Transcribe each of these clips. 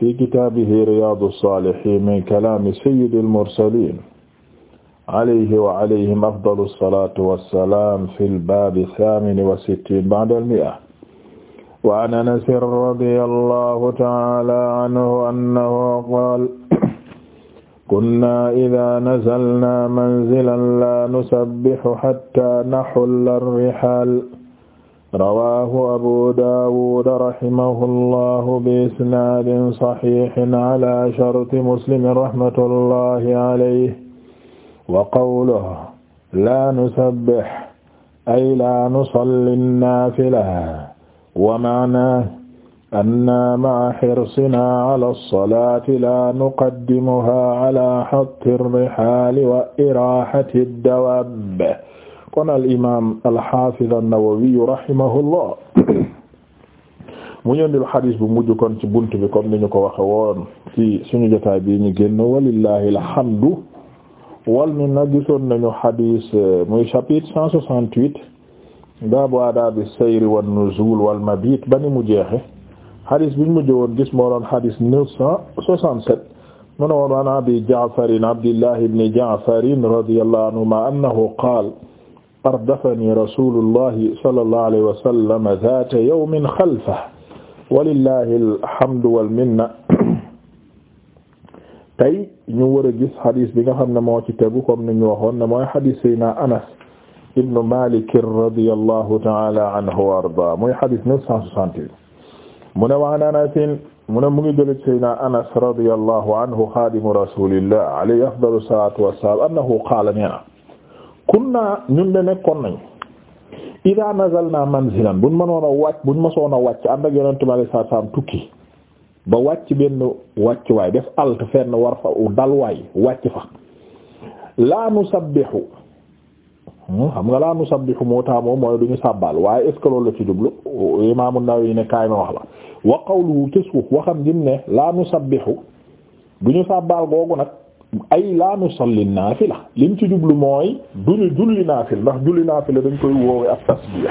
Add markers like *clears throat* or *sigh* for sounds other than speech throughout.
fi kitaabihi riyaadu saalihiin min kalaami sayyidil mursaliin alayhi wa alayhim afdalu salaatu wa salaam fil baabi saamini wa sittiin ba'dal mi'a. wa an Anas radiyallaahu ta'aalaa anhu annahu qaala kunnaa izaa nazalnaa manzilan laa nusabbihu hattaa nahulla rihaal rawaahu abu daawud rahimahullahu bi isnaadin saxiixin ala sharti muslim rahmatullahi alayhi wa qawluhu laa nusabbih ay laa nusalli naafilata wa ma'naahu annaa ma'a hirsinaa ala salaati laa nuqaddimuhaa ala hatti rihaali wa iraahati ddawaab kon al imaam al xaafiz an-Nawawi rahimahullah mu ñëndil xadis bu mujj kon ci bunt bi comme ni ñu ko waxe woon ci suñu jotaay bi ñu génn walillahi alhamdu wal mi na gisoon nañu xadis euh, muy chapitre cent soixante-huit baabu adaabi sayri nuzul wal mabit ba mu jeexe xadis bi ñu mujj woon gis moo doon xadis cent soixante-sept mu ne woon abi Ja'far abdillahi ibn Ja'far radiyallahu anhuma annahu qaala ardafani rasulullahi sallallahu alayhi wa sallam zaata yawmin xalfahu walillahi alhamdu wal minna tey ñu war a gis xadis bi nga xam ne moo ci tegu comme ni ñu waxoon ne mooy xadis Seydina Anas ibnu Maalik radiyallahu ta'ala anhu wa ardaa mooy xadis 968 mu ne wa an Anas mu ne mu ngi jël ci Seydina Anas radiyallahu anhu xaadimu rasulillah alayhi afdalu salaatu wassalaam annahu qaala kunna ñun de nekkoon nañ ida nazalna manzilan buñ mënoon a wàcc buñ mësoon a wàcc ànd ak yonent bi sallallahu alayhi wasallam tukki ba wàcc benn wàcc waay def alt fenn war fa dal waay wàcc fa laa nusabbihu hmm, xam nga laa nusabbihu moo taa moom mooy duñu sàbbaal waaye est la ci jublu imaamu Nawawi ne kaay ma wax la wa qawluhu ci waxam jim ne laa nusabbihu duñu sàbbaal googu nag ay la nusalli naafila lim ci jublu mooy duñu julli naafil ndax julli naafila dañ koy woowe ak tasbiya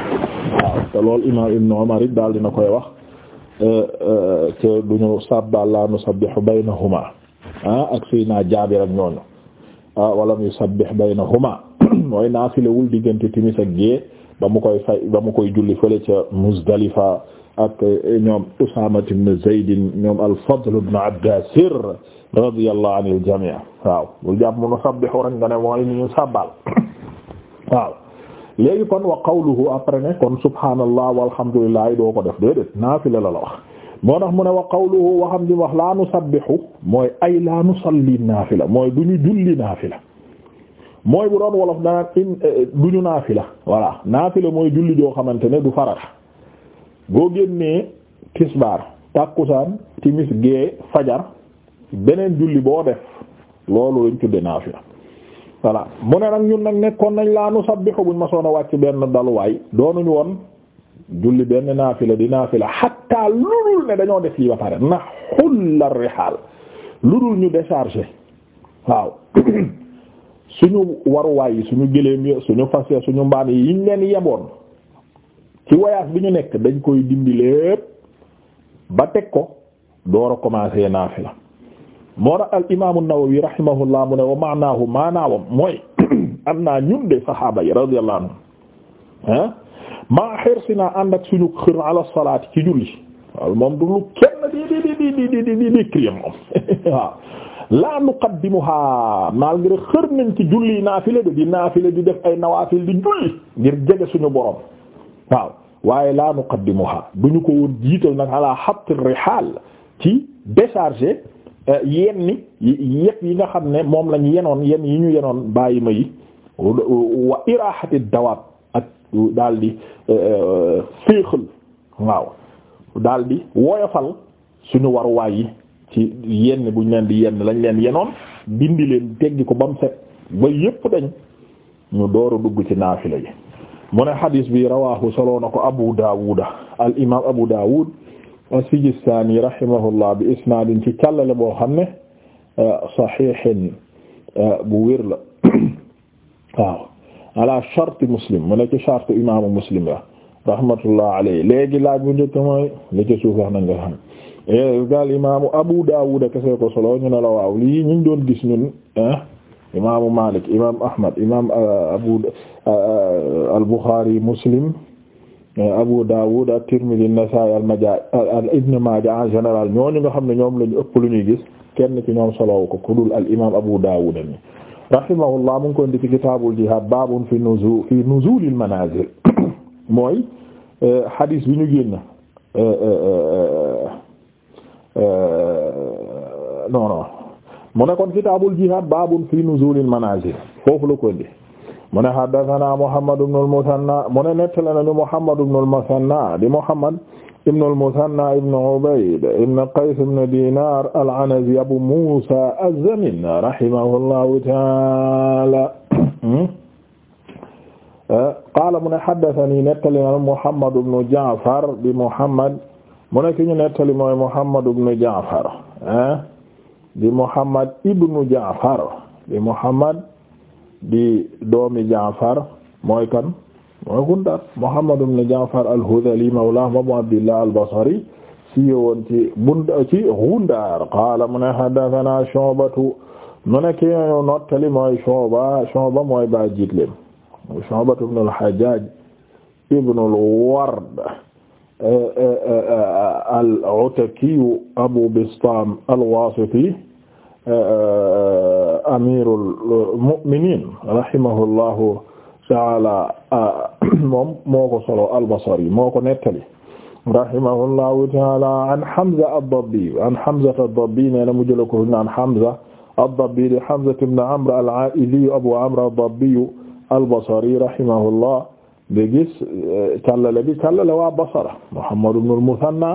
te lool imaam ibn Umar daal dina koy wax te euh, euh, duñu sabbal la nusabbihu baynahuma ah ak Seydina Jaabir ak ñooñu ah wala muy sabbih baynahuma *coughs* mooy naafilawul diggante timis ak gée ba mu koy fay ba mu koy julli fële ca Muzdalifa ak eh, ñoom Usaama ibn Zayd ñoom al-Fadl ibn Abbaas radiyallahu anil jamii waaw bul jàpp mu nusabbihu rek nga ne mooy ni ñu sabbal *coughs* waaw léegi kon wa qawluhu après ne kon subhaanallah walhamdulillah doo ko def déedéet naafila la la wax moo tax mu ne wa qawluhu waxam di wax laa nusabbihu mooy ay laa nusalli naafila mooy du ñu julli naafila mooy bu doon wolof dana in eh, du ñu naafila voilà naafila mooy julli joo xamante ne du farata boo génnee tisbaar tàkkusaan timis gee fajar beneen julli boo def loolu lañ tudde naafila voilà mu ne nag ñun nag nekkoon nañ laa nu sabbihu buñ ma soon a wàcc benn daluwaay doonuñu woon julli benn la di naafila hatta ludul ne dañoo def yi ba pare na xulla lu dul ñu décharger waaw *coughs* suñu waruwaay yi suñu gëléem yi suñu fas yi suñu mbaam yi ñu leen yeboon ci voyage bi ñu nekk dañ koy dindi teg ko door a commencer naafila moo tax al imaamu mu ne wa maanaahu maanaawam mooy *clears throat* am naa ñun de saxaaba maa xirsinaa ànd ak suñu xër salaati ci julli waaw moom du lu kenn di di di di di di di décrier moom *laughs* waaw laa nuqaddimuha malgré xër nañ ci julli naafila de di naafila di def ay nawaafil di julli ngir jege suñu borom waaye laa nuqaddimuha du ñu ko woon jiital nag ala hatt rihal ci décharger euh, yenni yépp yi nga xam ne moom lañu yenoon yenn yi ñu yenoon bàyyi ma yi ak daal di euh, waaw daal woyofal suñu waruwaay yi ci yenn buñ leen di yenn lañ leen yenoon dindi leen teggi ko bam set ba yépp dañ ñu door dugg ci naafila yi mu ne bi rawaahu solo na ko Abu Daawuda al imaam Abu Daawud as-Sijistaani rahimahullah bi isnaadin ci càllale boo xam ne euh, saxiixin euh, bu wér la *coughs* waaw ala charte muslim mu ne ci charte muslim la rahmatullah alayhi léegi laaj bu njëkk mooy li ci suuf wax nañ nga eh, Abu Daawuda kese ko solo ñu ne lii ñu doon gis ñun imaamu Malik imaam Ahmad imaam uh, Abu uh, uh, al-Bukhari Muslim al-Majah Ibn Majah en ñooñu nga xam ne ñoom lañu ëpp lu ñuy gis kenn ci ñoom solow ko ku al-imaam Abu Dawud mi rahimahullah mu ko indi ci kitaabul jihaad baabun fi nuzul fi nuzulil *coughs* mooy hadis bi ñu génn non mu ne kon kitaabul jihaad baabun fi nuzuulil manaazil foofu la ko ndi mu ne haddasanaa Muhammad ibnul Musanna mu ne nettali nañu Muhammad ibnul Musanna di Muhammad ibnul Musanna ibnu Ubayd ibnu Qays ibnu Diinaar al-Anazi Abu Muusaa az-Zamin rahimahullaahu ta'aalaa qaala mu ne haddasanii nettali nañu Muhammad ibnu Ja'far di Muhammad mu ne ki ñu nettali mooy Muhammad ibnu Ja'far ah. di Muhammad ibnu Jaafar di Muhammad di doomi Jaafar mooy kan mooy Gundar Muhammad ibnu Jaafar al-Hudhali mawlahum Abu Abdillah al-Basri si woon ci bund ci Gundar qaala mu ne haddathana nottali mooy Shu'ba Shu'ba mooy ba jiitlem Shu'batu ibnu al-Hajjaj ibnu al-Ward Eh, eh, eh, al-Utakiyu Abu Bistaam al-Waasiti amirul mu'minin rahimahullahu ta'ala *clears throat* moom moo ko solo al-Basri moo ko nettali rahimahullahu ta'ala an Hamza ad-Dabbi an Hamza ad-Dabbi nee na mu jël ko naan Hamza ad-Dabbi di Hamza ibn Amr al-Aa'ili Abu Amr ad-Dabbi al-Basri rahimahullah nga gis eh, càllale bi càllale waa Basra Muhammad ibn al-Muthanna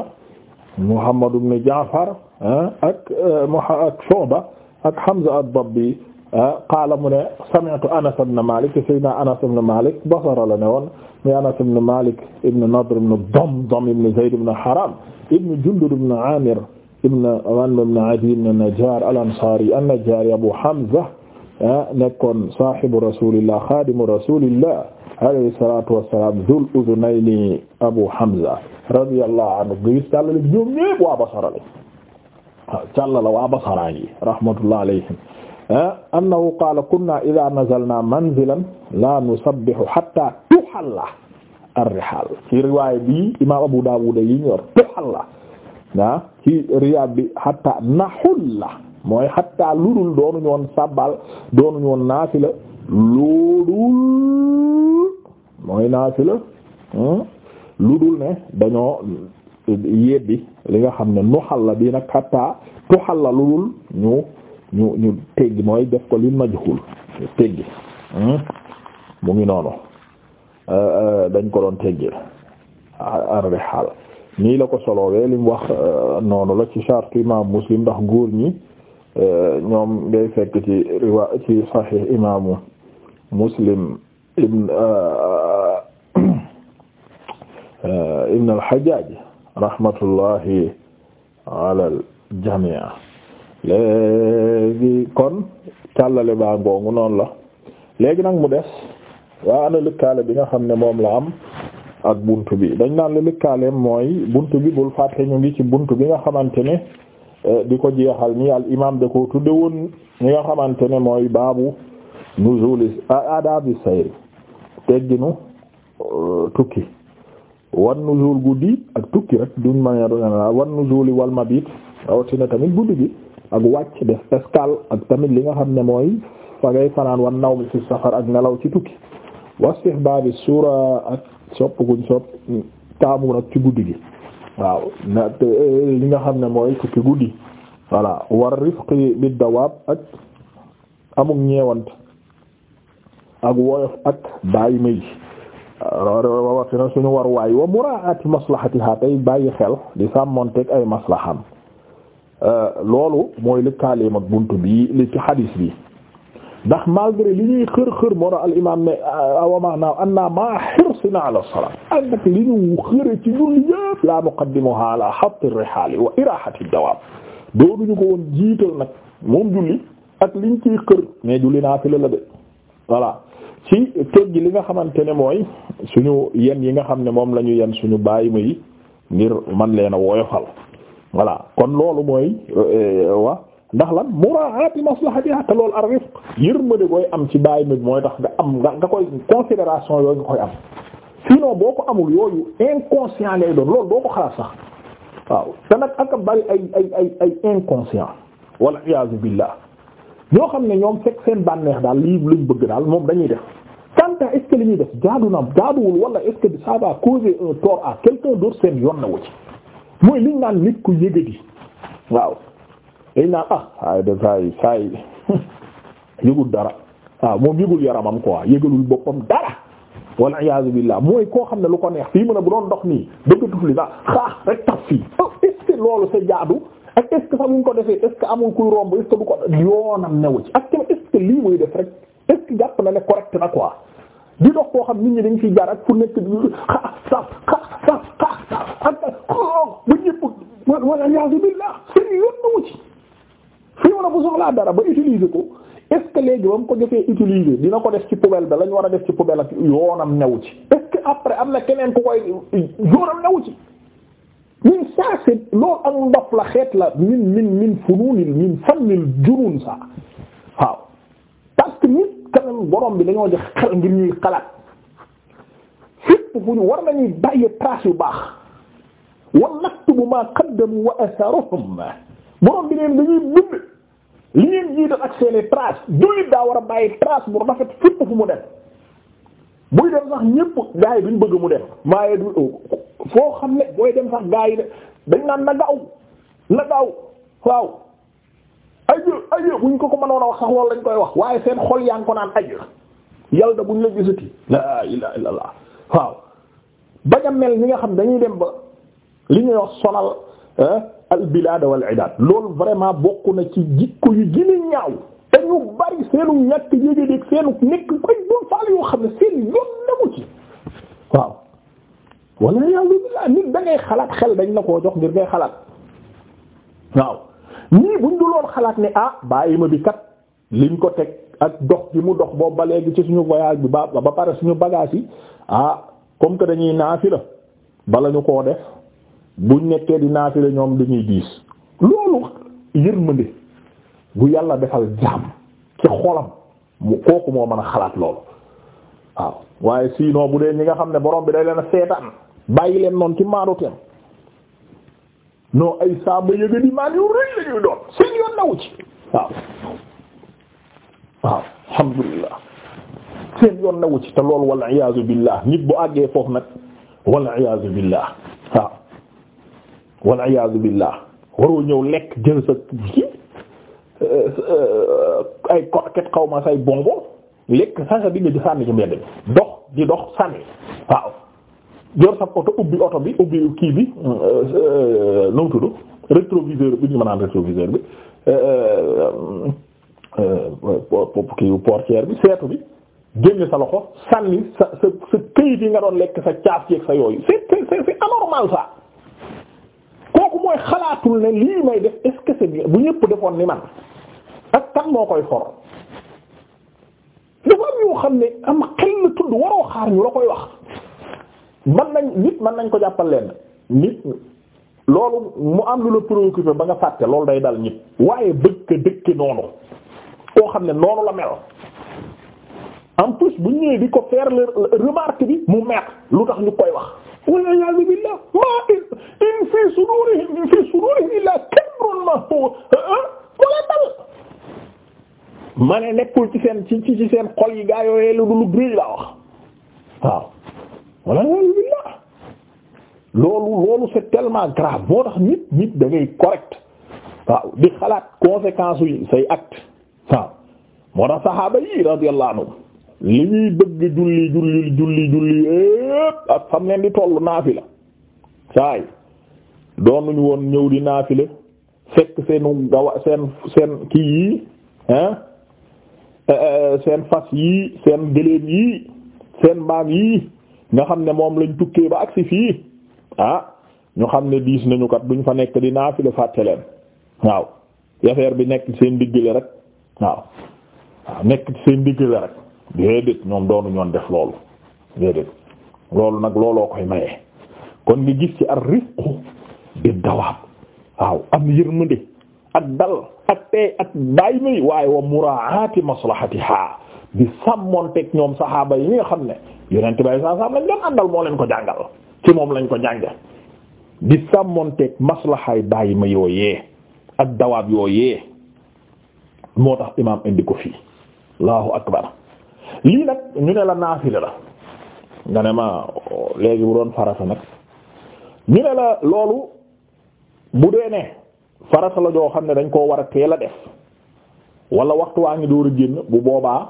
Muhammad ibn Ja'far eh, ak eh, ak Shu'ba ak Hamza ad-Dabbi qaala mu ne sami'tu Anas ibn Malik sayyidina Anas ibn Malik Basra la ne woon muy Anas ibn Malik ibn Nadr ibn Damdam ibn Zayd ibn Haram ibn Jundub ibn Amir ibn Ghanm ibn Adi ibn Najjar al-Ansari an-Najjari Abu Hamza Ah, nekkoon saahibu rasulillah xaadimu rasulillah alayhi salatu wassalam zul uzunayni abu hamza radiyallahu anhu bi gis càllale bi ñoom ñépp waa basara ah, la waaw càllala waa basaraa ngi rahmatullah alayhim ah, annahu qaala kunna idha nazalna manzilan la nusabbihu hatta tuhalla ar-rihal ci riwaaya bi imam abu dawud yi ñor tuhalla ah ci riwaaya bi hatta nahulla mooy xatta ludul doonuñu woon sabbal doonuñu woon naafila loolu mooy naafila hmm? ludul ne dañoo yebbi li nga xam ne nuxal la bii nag xatta tuxal la ludul ñu ñu ñu teggi mooy def ko li majhul teggi hmm? mu ngi noonu euh, euh, dañ ko doon teggil arri xaal nii la ko solowee lim wax euh, noonu la ci charte imam muslim ndax góor ñi ñoom ngay fekk ci riwa ci sahih imaamu muslim ibn uh, uh, ibn al-Hajjaj rahmatullahi léegi kon càllale baa ngoongu noonu la léegi nag mu des waa ana lëkkaale bi nga xam ne moom la am ak bunt bi dañ naan la lëkkaaleem mooy bunt bi bul fàtte ñu ngi ci bunt bi nga xamante ne Eh, di ko jeexal ni al imam da ko tudde woon ñi nga xamante ne mooy baabu nuzuli adabi sayri tegginu eh, tukki wan nuzul guddi ak tukki rek duñ manière générale wan nuzuli wal mabit rawatina tamit guddi gi ak wàcc def escale ak tamit li nga xam ne mooy fa ngay fanaan wan naw mi fi safar ak nelaw ci tukki wastihbaabi suura ak sopp guñ sopp taamu nag ci guddi gi waaw na eh, eh, li nga xam ne mooy tukki guddi voilà war rifqi bi dawaab ak amuk ñeewant ak woyof ak bàyyi may rawatina suñu war waay wa muraati maslahatiha tey bàyyi xel di sàmmonteeg ay maslaham eh, loolu mooy lëkkaaleem ak bunt bi li ci xadiis bi ndax malgré li ñuy xër-xër moo tax al imam ne euh, awamaanaaw an naa ala salat ak nag li ñu xëre ci julli yëpp la muqaddimuha ala hatti rihaali wa irahati dawaab doonuñu ko woon jiital nag moom julli ak liñ ciy xër mais julli naa fi la la de voilà ci teg gi li nga xamante ne mooy si yen yi nga xam ne moom la ñu yen suñu bàyyi ma ngir man leen a woyofal kon loolu mooy euh, euh, wa ndax lan muraati maslahatiha te loolu ar rifq yërmande koy am ci bàyyi mi mooy tax nga am nga nga koy considération yooyu nga koy am sinon boo ko amul yooyu inconscient lay doon loolu doo ko xalaat sax waaw te nag ak bari ay ay ay ay inconscient wal iyaazu billah ñoo xam ne ñoom fekk seen bànneex daal lii luñ bëgg daal moom dañuy def quant à est ñuy def jaadu na jaaduwul wala est-ce que ça va causer un tort à quelqu'un d'autre seen yoon na wu ci mooy liñ naan nit ku yëgadi waaw dañ naa ah ay de saay saay yëgul dara waaw moom yëgul yaramam quoi yëgalul boppam dara wal iyaazu billaah mooy koo xam ne lu ko neex fii mën bu doon ndox nii bëggatuf li sax xaax rek tax fii est loolu sa jaadu ak est-ce que sax ko defee est-ce que amul kuy romb est du ko yoonam newu ci ak tamit est-ce lii muy def rek est-ce jàpp na ne correct na quoi di dox koo xam nit ñi dañ fi jaar ak fu nekk xaa saf xa saf billaah seen yoon newu ci fii mu ne bu soxlaa dara ba utiliser ko est ce léegi ba mu ko defee utiliser dina ko def ci poubelle ba lañu war a def ci poubelle ak yoonam newu ci est après am na keneen ku koy yoonam newu ci min saa si loolu ak ndof la xeet la min min min funuunil min fannil junuun saa waaw parce que nit kanam borom bi dañoo jox xel ngir ñuy xalaat fépp fu ñu war nañuy bàyyi trace yu baax wa naktubu ma qaddamu wa atharuhum borom bi neen dañuy bind li ngeen jiital ak seeni trace jullit daa war a bàyyi trace bu rafet fépp fu mu dem buy dem sax ñépp gaa yi bëgg mu dem maaye du foo xam ne booy dem sax gaa yi de dañ naan na gaaw na gaaw waaw ajë ajë buñ ko ko mënoon a wax sax loolu lañ koy wax waaye seen xool yaa ngi ko naan ajë yàlla da buñ la gisati laa ilaaha illallaah waaw bañ a mel ñi nga xam dañuy dem ba li ñuy wax sonal al bilaad wal idaad loolu vraiment bokk na ci jikko yu gën ñaaw te ñu bari seenu ñàkk yéegée dégg seenu nekk koy dul faal yoo xam ne seen yoon newu ci waaw walla yàlla bilaa nit da xalaat xel dañ la koo jox ngir ngay xalaat waaw nii buñ du loon xalaat ne ah bàyyi ma bi kat liñ ko teg ak dox bi mu dox boobu ba léegi ci suñu voyage bi ba ba pare suñu bagage yi ah comme que dañuy naafi bala ñu koo def bu nekkee di la ñoom dañuy diis loolu yërmande bu yàlla defal jaam ci xolam mu kooku moo mën a xalaat loolu waaw waaye sinon bu dee ñi nga xam ne borom bi day leen a seetaan bàyyi leen noonu ci maadu teem non ay saaba yëga di maan yu rëy la doon seen yoon nawu ci waaw waaw alhamdulillah seen yoon nawu ci te loolu wal iyaazu billah nit bu àggee foofu nag wal iyaazu billah waaw wal iyaazu billah waroo ñëw lekk jël sa ci euh, ay coquette xaw ma say bonbon lekk sànq bi nga di sànni ci mbedd mi dox di dox sa oto ubbi oto bi ubbi kii bi euh, euh, nu ñu mën a am rétroviseur bi kii portière bi yi nga doon lekk sa caaf yeeg sa yooyu c'est c'est c'est anormal ça. mooy xalaatul ne lii may def est-ce bu ñëpp defoon ni man ak kan moo koy for dafa am yoo xam ne am xel tudd waroo xaar ñu la koy wax man nañ nit man nañ ko jàppal leen nit loolu mu am lu la préoccupé ba nga fàtte loolu day dal nit waaye bëgg dëkk noonu koo xam ne noonu la mel en plus bu ñëwee di ko faire remarque bi mu mer lu tax ñu koy wax wal iyaazu billah ma in fi sudurihim fi sudurihim illaa kibrun ma huwa ko la dal ma ne nekkul ci seen ci ci seen xol yi gaa yooyee lu dul gris la wax waaw wal iyaazu billah loolu loolu c'est tellement grave moo tax nit nit da ngay correct waaw di xalaat conséquences yi say acte waaw moo tax saxaaba yi radiyallahu anhum li ñuy bëgg julli julli julli julli yépp ak xam leen di toll naafila saay doonuñu woon ñëw di naafila fekk seenu gawa seen seen kii yi eh, eh, seen fas yii seen gëléem yii seen mbaam yii nga xam ne moom lañ tukkee ba agsi fii ah ñu xam ne diis nañu kat duñ fa nekk di naafila fàtte leen waaw affaire bi nekk seen diggale rek waaw waaw nekk seen diggale rek déedéet ñoom doonu ñoon def loolu déedéet loolu nag looloo koy maye kon nga gis ci ar rifqu bi dawaab waaw am yërmande ak dal ak tey may waaye wa muraati maslahatiha bi sàmmoonteeg ñoom saxaaba yi nga xam ne yonent bay saa saam lañ doon àndal moo leen ko jàngal ci moom lañ ko jànge bi sàmmoonteeg maslahaay bàyyi ma yooyee ak dawaab yooyee moo tax imaam indi ko fii allahu akbar lii nag ñu ne la naafila la nga ne ma léegi bu doon farata nag ñu ne la loolu bu dee ne farata la joo xam ne dañ koo war a teel a def walla waxtu waa ngi door a génn bu boobaa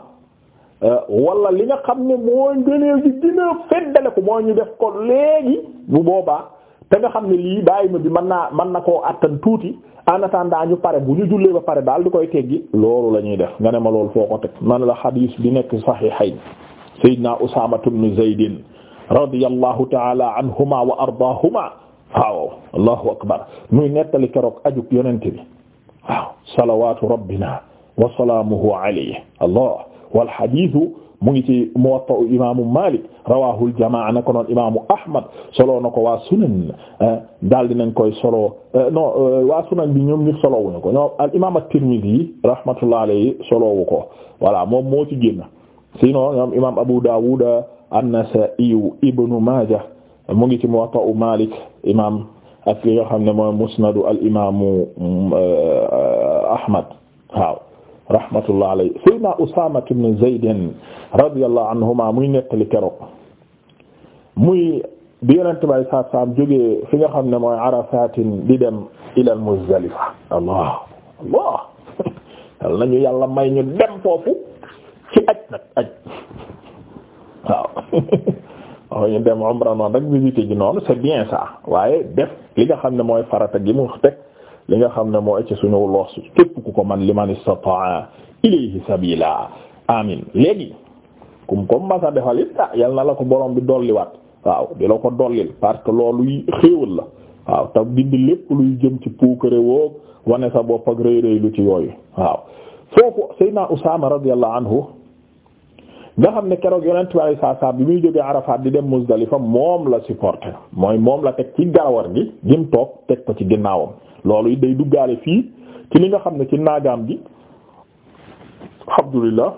euh, walla li nga xam ne moo gëneel di dina feddale ko moo ñu def ko léegi bu boobaa te nga xam ne lii bàyyi ma bi mën naa mën na koo attan tuuti en attendant ñu pare bu ñu jullee ba pare daal di koy teggi loolu la ñuy def nga ne ma loolu foo ko teg man la xadiis bi nekk saxiixayn sayyidina Usaama ibn Zayd radiyallahu ta'ala anhuma wa ardaahuma waaw allahu akbar muy nettali keroog ajug yonent bi waaw salawaatu rabbina wa salaamuhu alayhi allah wal xadiisu mu ngi ci Muwatta imaamu Malik rawahul jamaa na ko noon imaamu Ahmad solo na ko waa sunan eh, daal dinañ koy solo eh, non eh, waa sunan bi ñoom ñëpp solo wuñu ko ñoom al imaam at-Tirmidhi rahmatullah alayhi solo wu ko voilà moom moo ci génn sinon ñoom imaam Abu Dawud an-Nasa'i ibnu Majah mu ngi ci Muwatta Malik imaam ak li nga xam ne mooy musnadu al imaamu Ahmad waaw. rahmatullah alayhi sayyidina Usaama ibn Zayd radiyallahu anhuma muy nettali keroog muy bi Yonent bi sallallahu alayhi wa fi nga xam ne mooy Arafaatin di dem ila Muzdalifa allah allah *laughs* yal nañu yàlla may ñu dem foofu ci aj nag aj waaw *laughs* waaw ñu dem umra noonu rek visite ji noonu c'est bien ça waaye def li nga xam ne mooy farata gi mu teg li nga xam ne moo ci suñu loos képp ku ko man liman istata'a ilayhi sabila amin léegi kum ko masa defal ah, yal na la ko borom bi dolliwaat waaw di la ko dollil parce que loolu xéewal la waaw te dindi lépp luy jëm ci puukare woo wane sa bopp ak rëy rëy lu ci yooyu waaw foofu Seydina Usaama radiyallahu anhu nga xam ne keroog yonent bi saa saa bi muy jógee Arafat di dem Muzdalifa moom la supporté mooy moom la teg ci gaawar gi gim toog ko ci ginnaawam loolu it day duggaale fii ci li nga xam ne ci naagaam gi alhamdulillah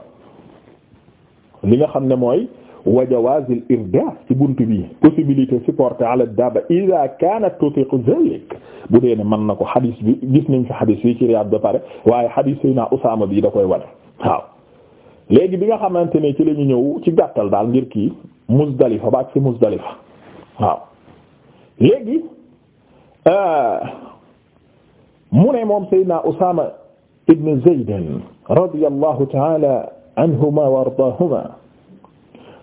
li nga xam ne mooy wa jawaazil irda ci bunt bi possibilité supporté ala daba ida kanat tutiqu zalik bu dee ne mën na ko xadis bi gis nañ fi xadis bi ci Riyad ba waaye xadis yi naa Usaama bi da koy wane waaw bi nga xamante ne ci la ñu ñëw ci gàttal daal ngir kii Muzdalifa ba ak ci Muzdalifa waaw euh, mu ne moom Seydina Usaama ibn Zayd radiyallahu ta'ala anhuma wa ardaahuma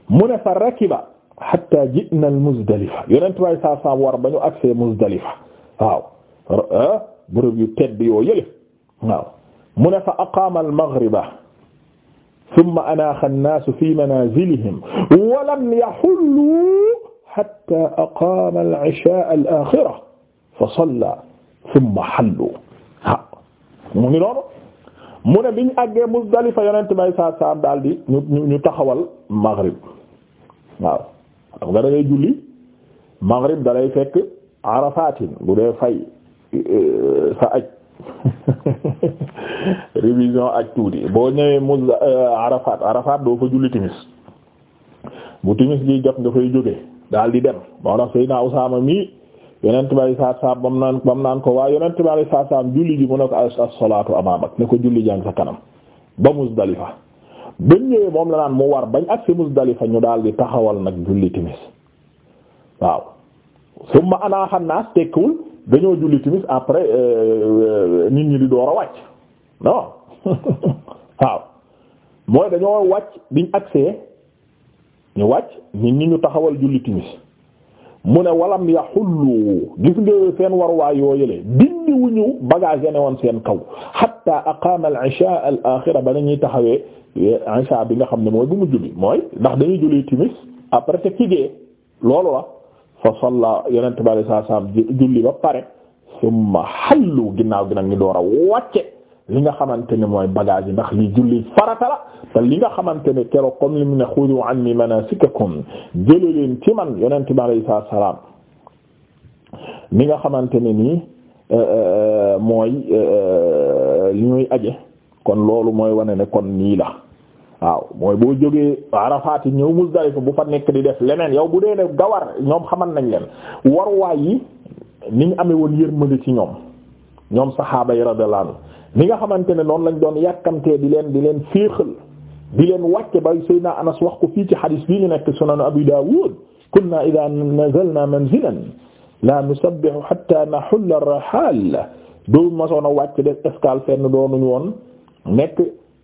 mu ne fa rakiba hatta ji'na al-Muzdalifa yonent waay saa saa war ba ñu agsee Muzdalifa waaw eh? bërëb yu tedd yoo yële waaw mu ne fa aqaama al-maghriba thumma anaaxa an-naasu fi manaazilihim wa lam yahullu hatta aqaama al-'ishaa al-aakhira fa sallaa summa hallu waaw mu ngi noonu mu ne biñ àggee Muzdalifa yonent bay saa saam daal di ñu ñu taxawal maghrib waaw xam nga da ngay julli maghrib da fekk arafatin bu dee fay e, sa aj *laughs* révision aj tuuti boo ñëwee Muzd e, arafat arafat doo fa julli timis bu timis gi jot nga fay jóge daal di dem moo tax Seydina Usaama mi yonent bi saa saa bam naan bam naan ko waaye yonent bi saa saa julli ji mu ne ko as-salaatu amaamak ne ko julli jàng sa kanam ba Muzdalifa bañ ñëwee moom la naan mu war bañ ak si Muzdalifa ñu daal di taxawal nag julli timis waaw summa anaaxa naas tekkiwul dañoo julli timis après euh, euh, nit ñi di door a wàcc non *laughs* waaw mooy dañoo wàcc biñ agsee ñu wàcc nit ñi ñu taxawal julli timis mu ne walam ya xullu gis nga seen waruwaay yoo yële dindi wu ñu bagage ne woon seen kaw hatta aqaama al isha al axira ba nañuy taxawee eh, isha bi nga xam ne mooy bu mu julli mooy ndax dañuy julli timis après te kii loolu la fa salla yonent bi sallallahu alayhi wasallam julli ba pare summa xallu ginnaaw gi nag ñu door a wàcce. li nga xamante ne mooy bagage yi ndax li julli farata la te li nga xamante ne keroog comme li mu ne xudu anni manasikakum jële leen ci man yonent bi alayhi salaam mi nga xamante ne nii euh, euh, mooy euh, li muy aje kon loolu mooy wane ne kon nii la waaw mooy boo jógee Arafat ñëw Muzdalifa bu fa nekk di def leneen yow bu dee def gawar ñoom xaman nañ leen waruwaay yi niñ amee woon yërmande ci ñoom ñoom saxaaba yi radiyallahu ni nga xamante ne noonu lañ doon yàkkamtee di leen di leen féexal di leen wàcce bay Seydina Anas wax ko fii ci xadis bii ñu nekk sunan Abi Dawud kunna idha nazalna manzilan la nusabbihu hatta nahulla ar-rahal doo masoon a wàcc def escale fenn doonuñu woon nekk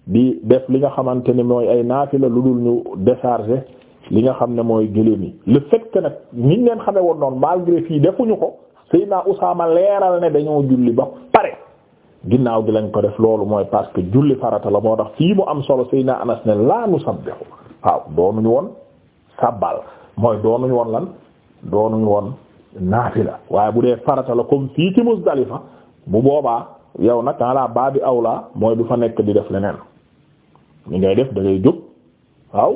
di def li nga xamante ne mooy ay naafila lu dul ñu décharger li nga xam ne mooy gëléem yi le fait nag niñ leen xamee woon noonu malgré fii defuñu ko Seydina Usaama leeral ne dañoo julli ba pare ginnaaw gi lañ ko def loolu mooy parce que julli farata la moo tax fii mu am solo Seydina Anas ne laa nu sabbihu waaw doonuñu woon sabbal mooy doonuñu woon lan doonuñu woon naafila waaye bu dee farata la comme fii ci Muzdalifa bu boobaa yow nag baa ala aw awla mooy du fa nekk di def leneen li ngay def da jóg waaw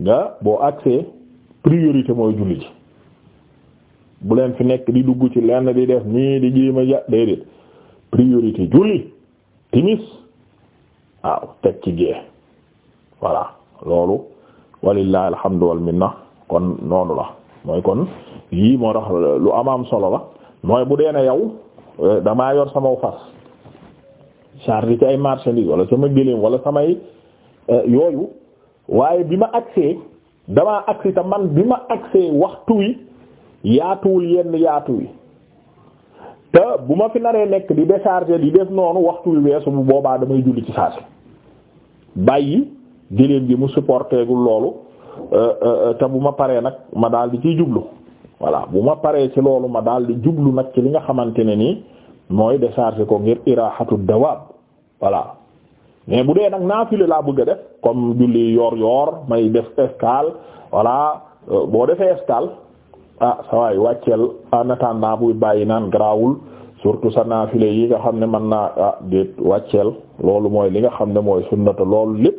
nga boo accès priorité mooy julli ji bu leen fi nekk di dugg ci lenn di def nii di jéem a ja priorité julli timis waaw teg ci gée voilà loolu walillahi alhamdu wal minna kon noonu la mooy kon yii moo tax lu amaam solo la mooy bu dee ne yow eh, damaa yor sama fas charge ci ay marchandise wala sama gëléem wala samay eh, yooyu waaye bi ma agsee damaa agsi te man bi ma agsee waxtu wi yaatuwul yenn yaatu wi te bu ma fi naree nekk di décharger di def noonu waxtu wi weesu bu boobaa damay julli ci saasi bàyyi jëleen gi mu supporteegul loolu euh, euh, euh, te bu ma paree nag ma daal di ciy jublu voilà bu ma paree ci loolu ma daal di jublu nag ci li nga xamante ne nii mooy décharger ko ngir iraaxatu dawaab voilà mais bu dee nag naafile laa bëgg a def comme julli yor yor may def escale voilà boo defee escale ah sawaay wàcceel en attendant buy bàyyi naan garaawul surtout sa naafile yi nga xam ne mën naa ah déet wàcceel loolu mooy li nga xam ne mooy sunnata loolu lépp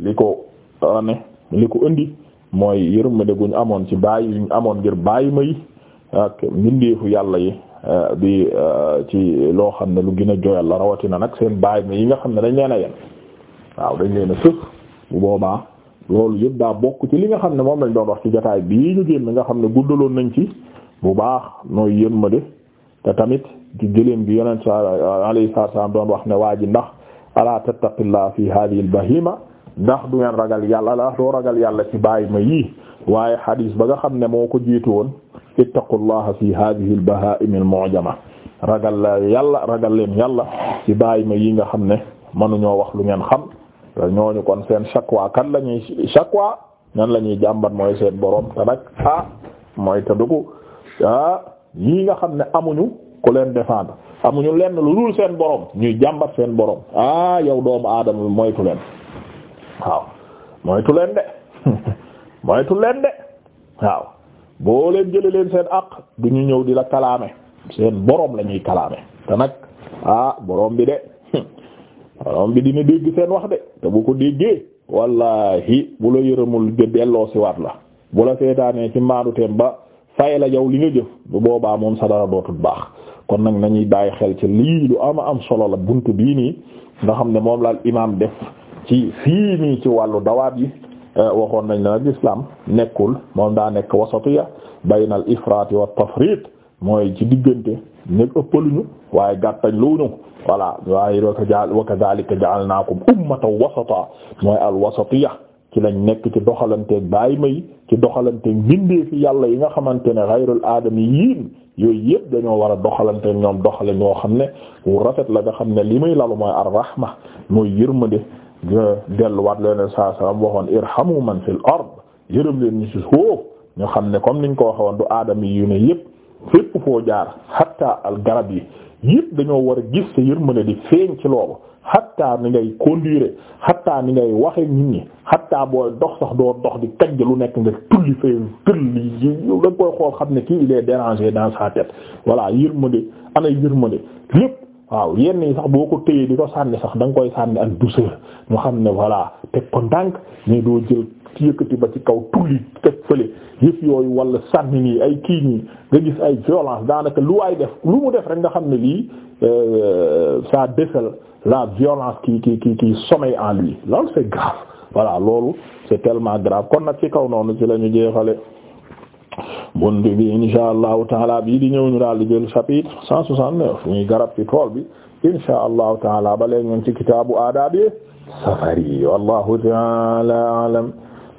li ko ane ah, li ko indi mooy yërmande guñ amoon ci bàyyi yuñ amoon ngir bàyyi ma yi yàlla yi ah, ah, ci loo xam ne lu gën a joyal la rawatina nag seen bàyyi yi nga xam ne dañ leen a yen waaw dañ leen a sëf bu loolu yëpp daa bokk ci li nga xam ne moom lañ doon wax ci jotaay bii ñu génn nga xam ne guddaloon nañ ci bu baax nooy yërmande te tamit ci gëléem gi yonent alayhi salaam doon wax ne waa ji ndax ala tattaqillah fi hadhihi al-bahima ndax du ngeen ragal yàlla la doo ragal yàlla ci bàyyi ma yii waaye xadiis ba nga xam ne moo ko jiitu woon ittaqullaha fi hadhihi al-baha'im al-mu'jama ragal la yàlla ragal leen yàlla ci bàyyi ma yi nga xam ne mënuñoo wax lu ngeen xam ñooñu kon seen shakwa kan la ñuy shakwa nan la ñuy jàmbat mooy seen borom te nag ah mooy te dugg ah lii nga xam ne amuñu ku leen défendre amuñu leen lu dul seen borom ñuy jàmbat seen borom ah yow doomu aadama bi moytu leen waaw moytu leen de *laughs* moytu leen de waaw boo leen jëlee leen seen aq du ñu ñëw di la kalaame seen boroom la ñuy kalaame te nag ah borom bi de. borom bi dina dégg seen wax de te bu ko déggee wallahi bu la yërëmul delloo si waat la bu la seetaanee ci maadu ba fay la yow li nga jëf bu boobaa moom sa dara dootul baax kon nag nañuy bàyyi xel ci lii lu ama am solo la bunt bii nii nga xam ne moom laal imaam def ci fii nii ci wàllu dawaat yi eh, waxoon nañ la nag islam nekkul moom daa nekk wasatiya baynal ifraat wa tafriit mooy ci diggante nekk ëppaluñu waaye gàttañ luñu voilà waaye wa kadhalika ja'alnakum ummatan wasata mooy al wasatiyya ci lañ nekk ci doxalanteeg baay may ci doxalanteeg mbindeefi yàlla yi nga xamante ne ghayrul aadami yiin yooyu yëpp dañoo wara a ñoom doxale ñoo xam ne wu rafet la nga xam ne li muy lalu mooy ar rahma mooy yërmande delluwaat leen saa salaam waxoon irhamu man fil ard yërëm leen ñu ci ñu xam ne comme niñ ko waxoon du aadami yu ne jaar hatta al garab yi yëpp dañoo war a gis sa yërmande di feeñ ci loolu xatta ni ngay conduire xatta ni ngay waxe ñu ñi xatta booy dox sax doo dox di kajj lu nekk nga tulli feeñ tulli yow da koy xool xam ne kii il est dérangé dans sa tête voilà yërmande ana yërmande lépp waaw yenn yi sax boo ko téyee di ko sànni sax danga nga koy sànni ak douceur ñu xam ne voilà teg ko ndànk mais doo jël. yëkkati ba ci kaw tulli teg fële yëf yooyu wala sànni nii ay kii ñi nga gis ay violence daanaka lu ay def lu mu def rek nga xam ne lii euh, ça décèle la violence ki qui qui qui sommeille en lui loolu c'est grave voilà loolu c'est tellement grave kon nag ci kaw noonu ci la ñu jeexale bund bi insha allahu taala bii di ñëw ñu daal di jël chapitre 169 ñuy garab ci tool bi insha allahu taala ba léegi ñun ci kitaabu aadaabi safari wallahu taala alam